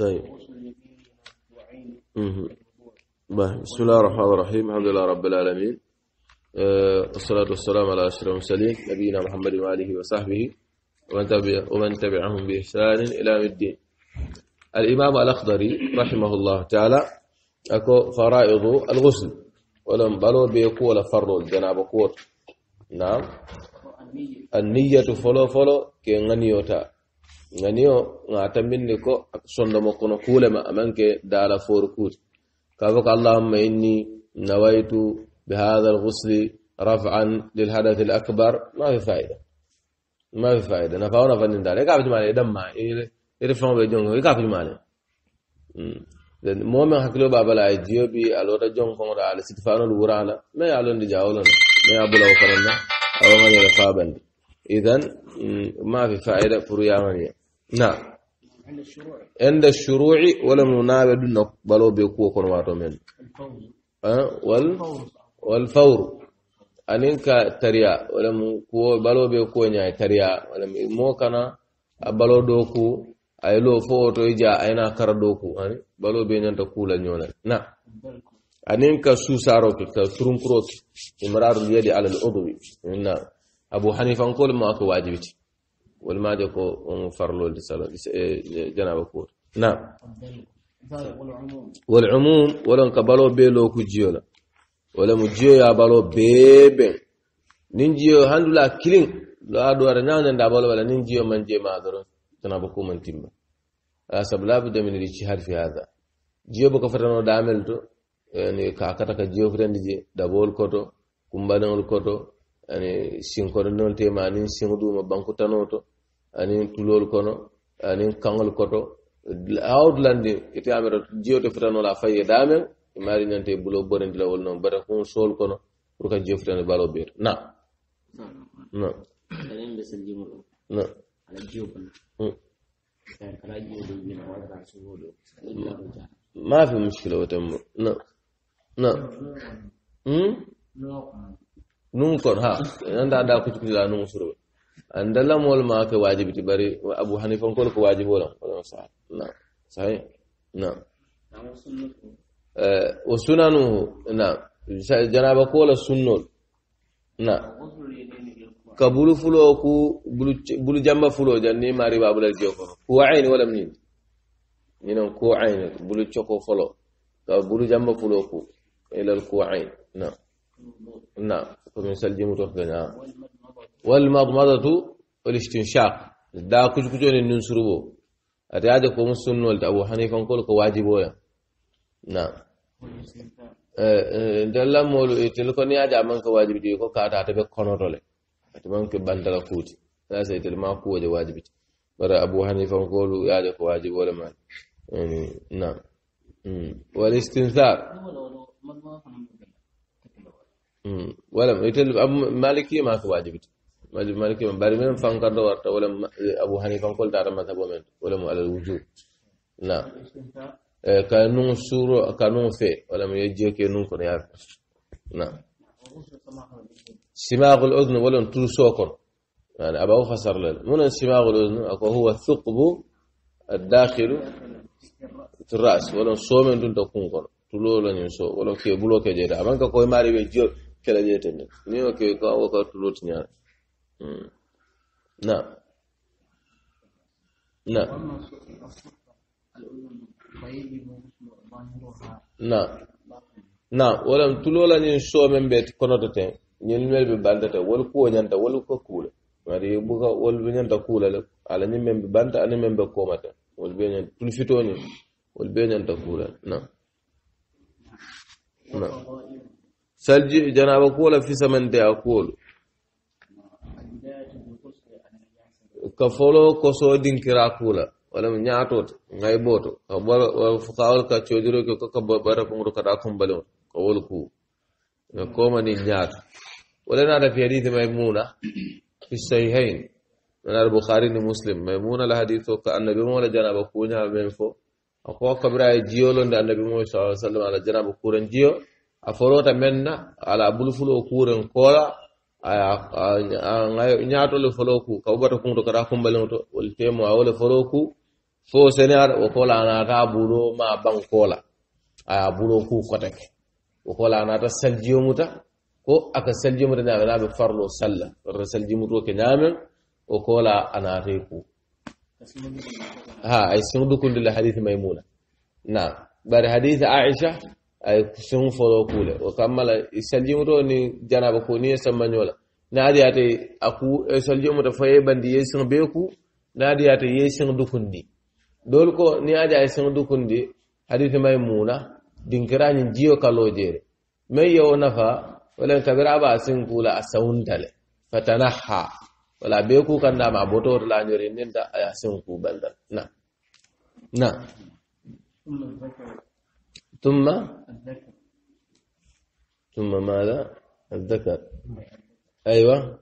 طيب بسم الله الرحمن الرحيم الحمد لله رب العالمين آه، والصلاة والسلام على أشرف المرسلين نبينا محمد وآله وصحبه ومن, تبع ومن تبعهم بإحسان إلى يوم الدين الإمام الأخضري رحمه الله تعالى أكو فرائض الغسل ولم بلو بيقول فرو الجناب قوت نعم النية فلو فلو كي غنيوتا ganiyo ngata minni ko sondomo kono kulema amanke dala foru kuti kafo ko allahumma inni nawaitu bihadha alghusli raf'an lilhadath alakbar ma fi faida ma fi faida nafa ona fannin dala ka fi male damma ire fon be jongo ka fi male momen hakkilo babala ay jiyobi alota jon konra ala sitfanol wurala mais alonde jawolon mais abulawo kanonna awogañele fabande إذا ما في فائدة فريامانية نعم عند الشروع عند الشروع ولا منابد بلو بيكو كون واتو من أه؟ وال والفور أنين تريا ولا كو بلو بيكو نيا تريا ولا مو كان بلو دوكو أي لو فوتو يجا أينا كار دوكو أني يعني بلو بينان تقول نيولا نعم أنين كسوسارو كتر ترمكروك إمرار اليد على الأضوي نعم أبو حنيفة نقول ماكو واجبتي والمادي كو فرلو جناب كور نعم والعموم ولن كبالو بيلو كجيولا ولا مجيو يا بالو بيبن نينجيو هاندولا كيلين لا دوار نانا دابالو ولا نينجيو من جي مادرون جناب كو من تيمبا أسب لابد من الاجتهاد في هذا جيو بك داملتو يعني كاكتا كجيو فرندي دابول كوتو كمبانول كوتو ani sinkoronol tema anin siŋo duma bankutano to anin tulol kono anin kaŋol koto awdulandi ite amira jiyoto fitanola faye damen imari ñante bulo borendila wol noon bata kun sol kono pour ka jiyo fitano balo beeto na na na ma fi muskila wotemmo na na nun kon ha anda anda ko ci la nun suru anda la mol ma ka wajibi ti bari abu hanifa ko ko wajibi wala wala sa na sai na eh wa sunanu na janaba ko la sunnol na ka bulu fulo ku bulu jamba fulo janni mari babulal joko ko ayni wala min ñinon ko ayni bulu choko folo ka bulu jamba fulo ku ilal ko ayni na no. نعم كن سلجم تخدنا والمضمضة والاستنشاق دا كوج كجون ننسر بو أتعاد كوم السنة ولد أبو حنيفة نقول كواجب ولا نعم أه، أه، دلا مولو يتلقني أجا من واجب دي كو كاتا تبي كونو دولي كونرولي أتمنى كبندلا كوتي لا سيتل ما كو واجب برا أبو حنيفة نقول يا ده كو واجب ولا ما يعني، نعم أمم. والاستنثار ولا يتل أبو مالكي ما كواجبت مذهب مالكي من فان فانكر وارتا ولا أبو هني فان حنيفة قلت على مذهب ولا مو على الوجود نعم كانوا سورة كانوا في ولا ولم يجي كانوا كنيار نا سماغ الأذن ولم تلسوكن يعني أبو خسر له من سماغ الأذن أكو هو الثقب الداخل في الرأس ولم صوم دون تكون كن تلو لن يسو ولا كي بلوك جيدا أما كوي ماري بيجي kela jete ne ni ke ko wo ka tuloo ti ñaale mm. na na na na walaŋ tuloo la ñiŋ soo meŋ be konoto teŋ ñiŋ melu be banta te ko kuwo ñanta wolu ka kuu le bari buka be nyanta kula la le ala ni meŋ be banta ani meŋ be kooma teŋ wolu be nyanta tul fitoni ñiŋ be nyanta kula na na سلج جناب اقول في زمن دي اقول كفولو كوسو دين كرا كولا ولا نياتوت غاي بوتو خبر فقاول كا تشودرو كو كبر بر كدا كوم بلو قول كو كوما ني نيات ولا نار في حديث ميمونه في الصحيحين من البخاري ومسلم ميمونه الحديث كان النبي مولا جناب كونيا بين فو اكو كبرى جيولو النبي مولا صلى الله عليه وسلم على جناب كورن جيولو a forota menna ala bulfulo kuren kola ñatole folo ku kawbata kumto kata kumbalento wol temo a wole folo ku fo senear wo kola anata bulo ma ban kola aya bulo ku kotake wo kola anata saljiyomuta ko aka saljiyomuta ne aganaɓe farlo salla ota saljimuto ke ñamen wo kola anate ku ha ay sindukunde le hadith maymuna na bare hadith aisha ay sun folo kule o kammala saljimuto ni janaba ko ni sammanyola a ku aku eh, saljimuta faye bandi ye sun be ku naadi ate ye sun dukundi Dole ko ni aja ye sun dukundi haditi mai muna ni jiyo jere mai yewo nafa walen kabira ba ku kula a na ha wala be ku kandama bototo lañori da a sin ku baldal na na ثم الذكر ثم ماذا الذكر أيوة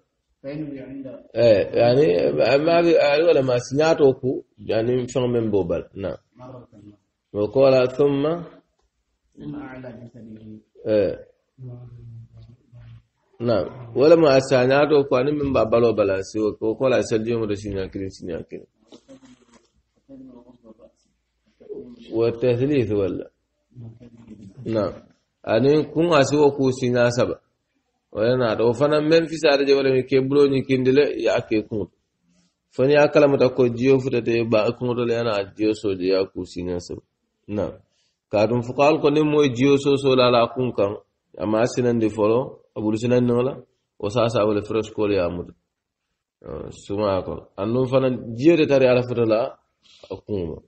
ايه يعني ما ولا ما سنياتوكو يعني فهم من بوبل نعم وقال ثم ثم اعلى جسده ايه نعم ولا ما سنياتوكو يعني من بابلو بلا سيوك وقال سلجيوم رشينا كريم سنيا كريم والتثليث ولا نعم أنين كون أسوأ كوسينا سبا ولنا دو فانا من في سارة جوالا كيبلو نكندل يأكي كون fani ya kalamata ko jiyo futa ta ba a kuma dole yana jiyo so da ya kusi na sau na kadun fuka alko ne mo jiyo so so la la kun kan amma sinan de folo abul sinan nola o sa sa wala fresh ko ya mud suma ko annun fana jiyo da tare ala futa la akuma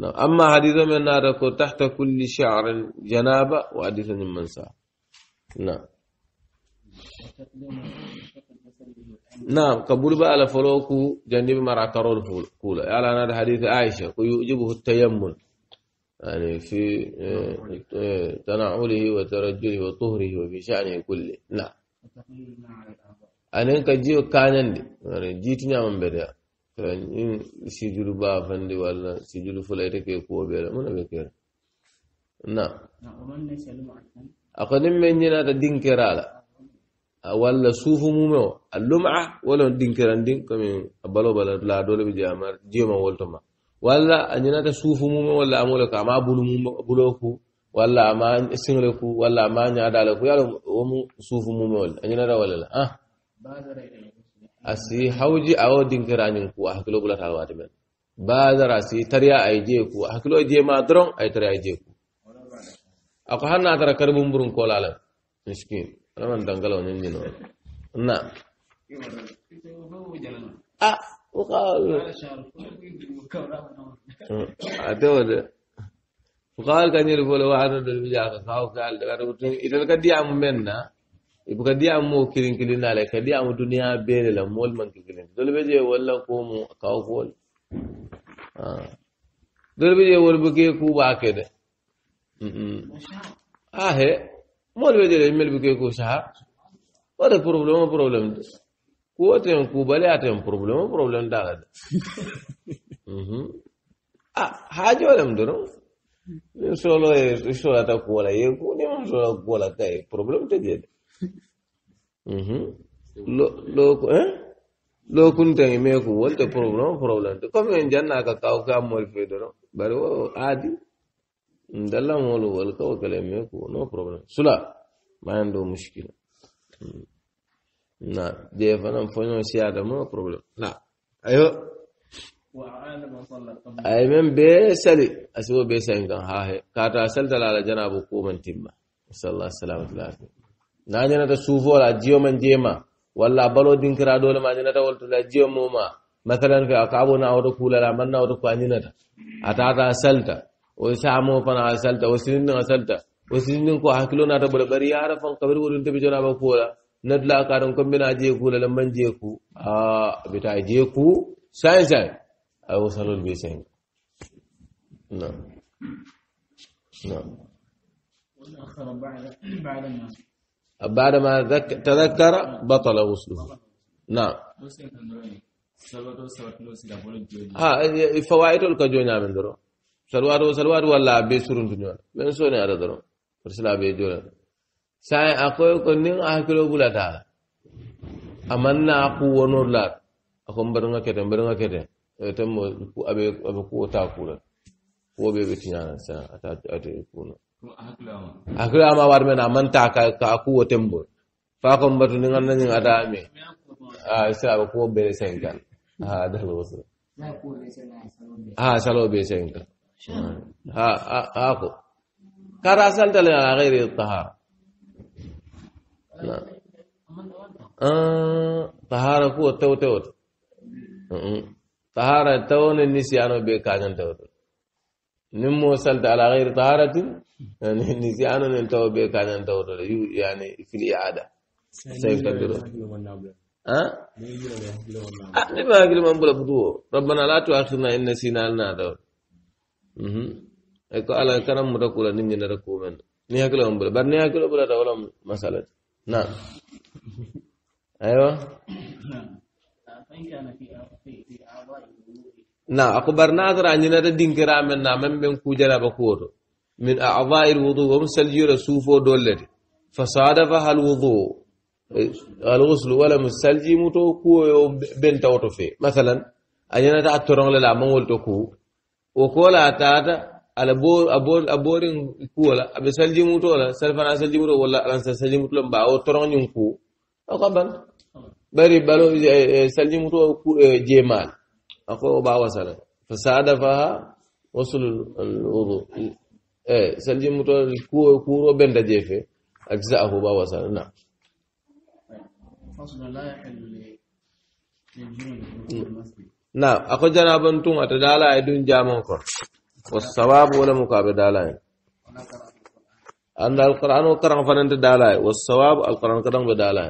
نعم. أما حديث من نارك تحت كل شعر جنابة وحديث من منسى نعم نعم قبول بقى لفلوكو جنب مرع كرون كولا يعني أنا حديث عائشة ويؤجبه التيمم يعني في آه، آه، تنعله وترجله وطهره وفي شأنه كله نعم أنا كجيو كانندي يعني جيتني من بدأ in sijulu baafandi walla sijulu fulayta ke kuwo ɓeela muna ɓe kere na ako nin men ñinata dinkerala walla suufu mume o a lum'a wala dinkeran din comme a balo bala la dole ɓe jeyama jiyoma woltoma walla a ñinata suufu mume walla amole ko ama bulu bulo ku walla ama siŋle ku walla ama ñadale ku yalo womu suufu mume wol a ñinata walla la ah asi hawji awo dinkirañin ku a hakkilo bulata alwaati men badara asi tariya ay jee ku a hakkilo jee ma doron ay tariya ay jee ku ako han na tara karibu mburun kola la miskin alaman dangalaw ñen ñino na a وقال أتوه وقال كان يقول واحد من البجاعة قال إذا كان دي عم منا ibuka diya mo kirin kirin na ka diya mo duniya bele la mol man kirin dole be je walla ko mu kaw ko dole be je wol bu ke ku ba ke de ah he mol be je mel bu ke ku sha wala problem problem ku atem ku bale atem problem problem da da ah hajo lam duro solo es solo ta ku wala ye ku ni mo solo ku wala kai problem te je lo kuntaŋi mee ku wonte problème problème te comme en janna ka kaw ka mol fe doron bari wo aadi ndallaŋolu wol ka wo kele mee ku no problème sula mayen do muskila na dee fanaŋ foñoo siyaata mo problème na ayo ay meŋ bee sali asiwo bee sayin kaŋ haahe kaata salitala ala janabo kuman timma sallah salamatu lafiya na ñanata suufo la jiyo man jeema walla balo dinkira dole ma ñanata woltola jiyo moma mathalan fe a kaabona woto kuulala manna woto ko a ñanata a tata a salta o saamo fana a salta o sininnin a salta o sininnin ko hakkilo nata bole bari yara fan kabiri woɗum teɓe jonaba kuola nadla kaɗon kombina jeye kuula la man jeye ku a bita jeye ku sain sain ay wosalol be sain نعم نعم والآخر بعد بعد الناس بعدما ذك... تذكر بطل غسله نعم ها آه، فوائد الكجو نعم درو سلوار سلوار ولا بيسرون تنيون من سوني على درو فرسلا بيجول ساي اكو كنين اكلو بولاتا amanna aku wonor la akon barnga kete barnga kete temmo abe abe ku ta kula ko be be tinyana sa ata ata kuno hakilama war mena manta ka ka kuwo tembol fa ko mbatu ni ngana ni ngata me a sa ko bere senkan ha da lo so ha salo be senkan ha ha ko kara san tale ala ghairi tahara tahara ko tawtaw tahara tawne nisiyano be kajan tawtaw نم وصلت على غير طهارة يعني نسيان انتو بك انتو يعني في الإعادة يعني سيف تقدر ها؟ لما أه، أقول من بلا فتوه ربنا لا تؤاخذنا إن نسينا لنا دور eko ala karam muta kula nim ñinata kuumen ni hakkilo on bula bari ni hakkilo bulata wala masala na aywa na ako bar nadara ñinata dinkira men na man ɓen kujanaba kuwoto min adai lwudu wom saljiyota suufo dollete fasadafa hal wudu alghuslu walam salji muto kuwoyo bentawto fe mathalan a ñanata a torongle la mawol to kuwu wo kola tata ala aborin kuwola aɓe salji mutola salfana salji muto walla alansa salji mutola mba o toron ñin kuwu ako ban bari balo salji muto jeemal أقول أقربها وصلا فصادفها وصل الوضوء إيه سلجي متو الكورو كورو بين دجيفه أجزاءه با وصلا نعم فصل لا يحل نعم. نعم أخو جنابا تون أتدالا يدون جامعكم كون والصواب ولا مقابل دالا أن القرآن وقرآن فننت دالا والصواب القرآن كرم بدالا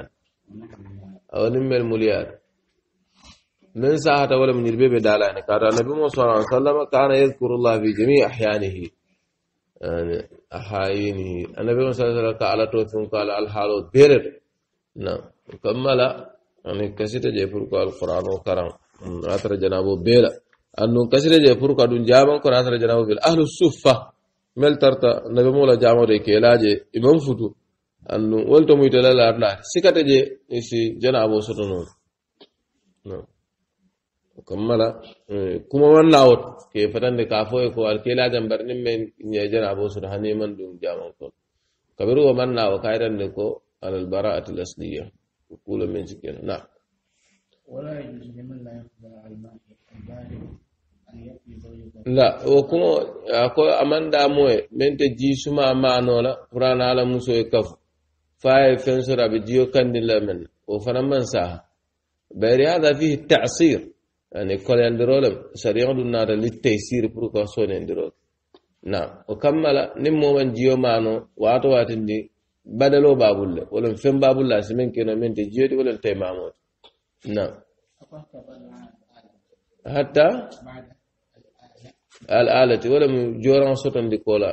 أولم المليار من ساعة ولا من يربي بدال يعني كان النبي صلى الله عليه وسلم كان يذكر الله في جميع أحيانه يعني أحيانه النبي صلى الله عليه وسلم قال توثم قال الحال بيرد نعم كمل يعني كسيت جيفر قال القرآن وكرم أثر جنابه بيلا أنه كسيت جيفر قال دون جامع قرآن أثر جنابه بيلا أهل الصفة مل ترتا النبي مولا جامع ريكي لاجي إمام فتو أنه ولتمو يتلال أبناء سكت جي إسي جنابه سرنون نعم وكمل إيه، كما من لاوت كيف تند كافو يكو الكيلا جنبر نم من يجن ابو سرحاني من دون جامع كون كبير ومن لاو كايرن لكو على البراءة الأصلية يقول من سكين نعم ولا يجوز لمن لا يقبل على الماء la wo kuŋo a ko a maŋ daamo ye meŋ te jii suma a maanoo la pour a naa la musoo ye kafu fo a ye feŋ soro a be jio kandi la meŋ na wo fanaŋ maŋ saaha bari hada fihi tasir ani kolendiroo le sariyaŋo duŋ naata li teysiri pour ko soonindiroo na o kamma la niŋ moo maŋ jiyo maano waato waatindi badaloo baa bulu le woloŋ feŋ baa bulu la si meŋ keno meŋ te jiyo ti woloŋ tey maamoo ti na hatta al alati woloŋ jooraŋo sotondi koo la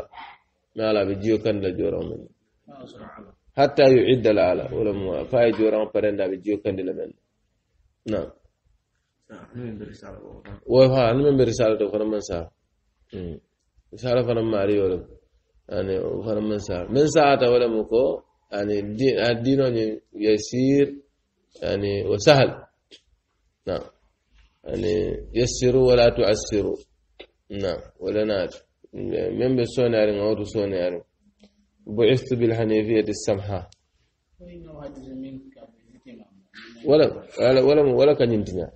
mais ala be jiyo kandi la jooraŋo meŋ hatta yuidda al ala woloŋ fo a ye jooraŋo parendi a be jiyo kandi le meŋ na وها نعم. أنا من برسالة وفرم من ساعة رسالة فرم ماري ولم يعني وفرم من ساعة من ساعة ولا مكو يعني الدين الدين يعني يسير يعني وسهل نعم يعني يسروا ولا تعسروا نعم ولا نار من بسون يعني ما هو بسون يعني بعثت بالحنيفية السمحة ولا ولا ولا كان يمتنع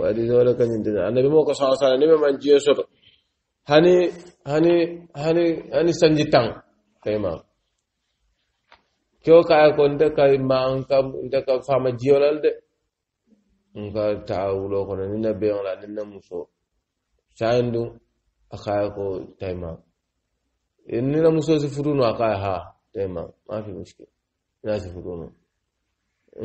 وحديث ولا كان يندنا النبي موكو صلى الله عليه وسلم من جيسر هني هني هني هني سنجتان كيما كيو كاي كون دكا ما انكم دكا فاما جيولال دي nka taawulo kono ni na beŋo la ni na muso sayin dun a kaya ko taima ni na muso si futu no a kaya ha taima ma fi muskil ina si futu no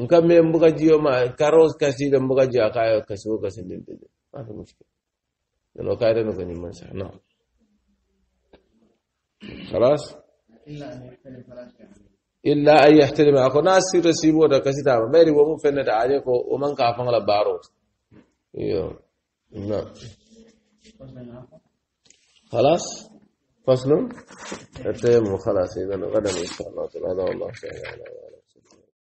nkamme mbuka jiyo ma karos kasiɗo mbuka jiyo akayo kasi wo kasi lildede mata muskil nono kayreno ko ñimman sa na halas illa an yahtalima ako na sirta siboota kasitama ɓayri womu fennata aje ko woman ka fangla baarota iyo na خلاص فصل التيمم خلاص اذا غدا ان شاء الله تعالى والله تعالى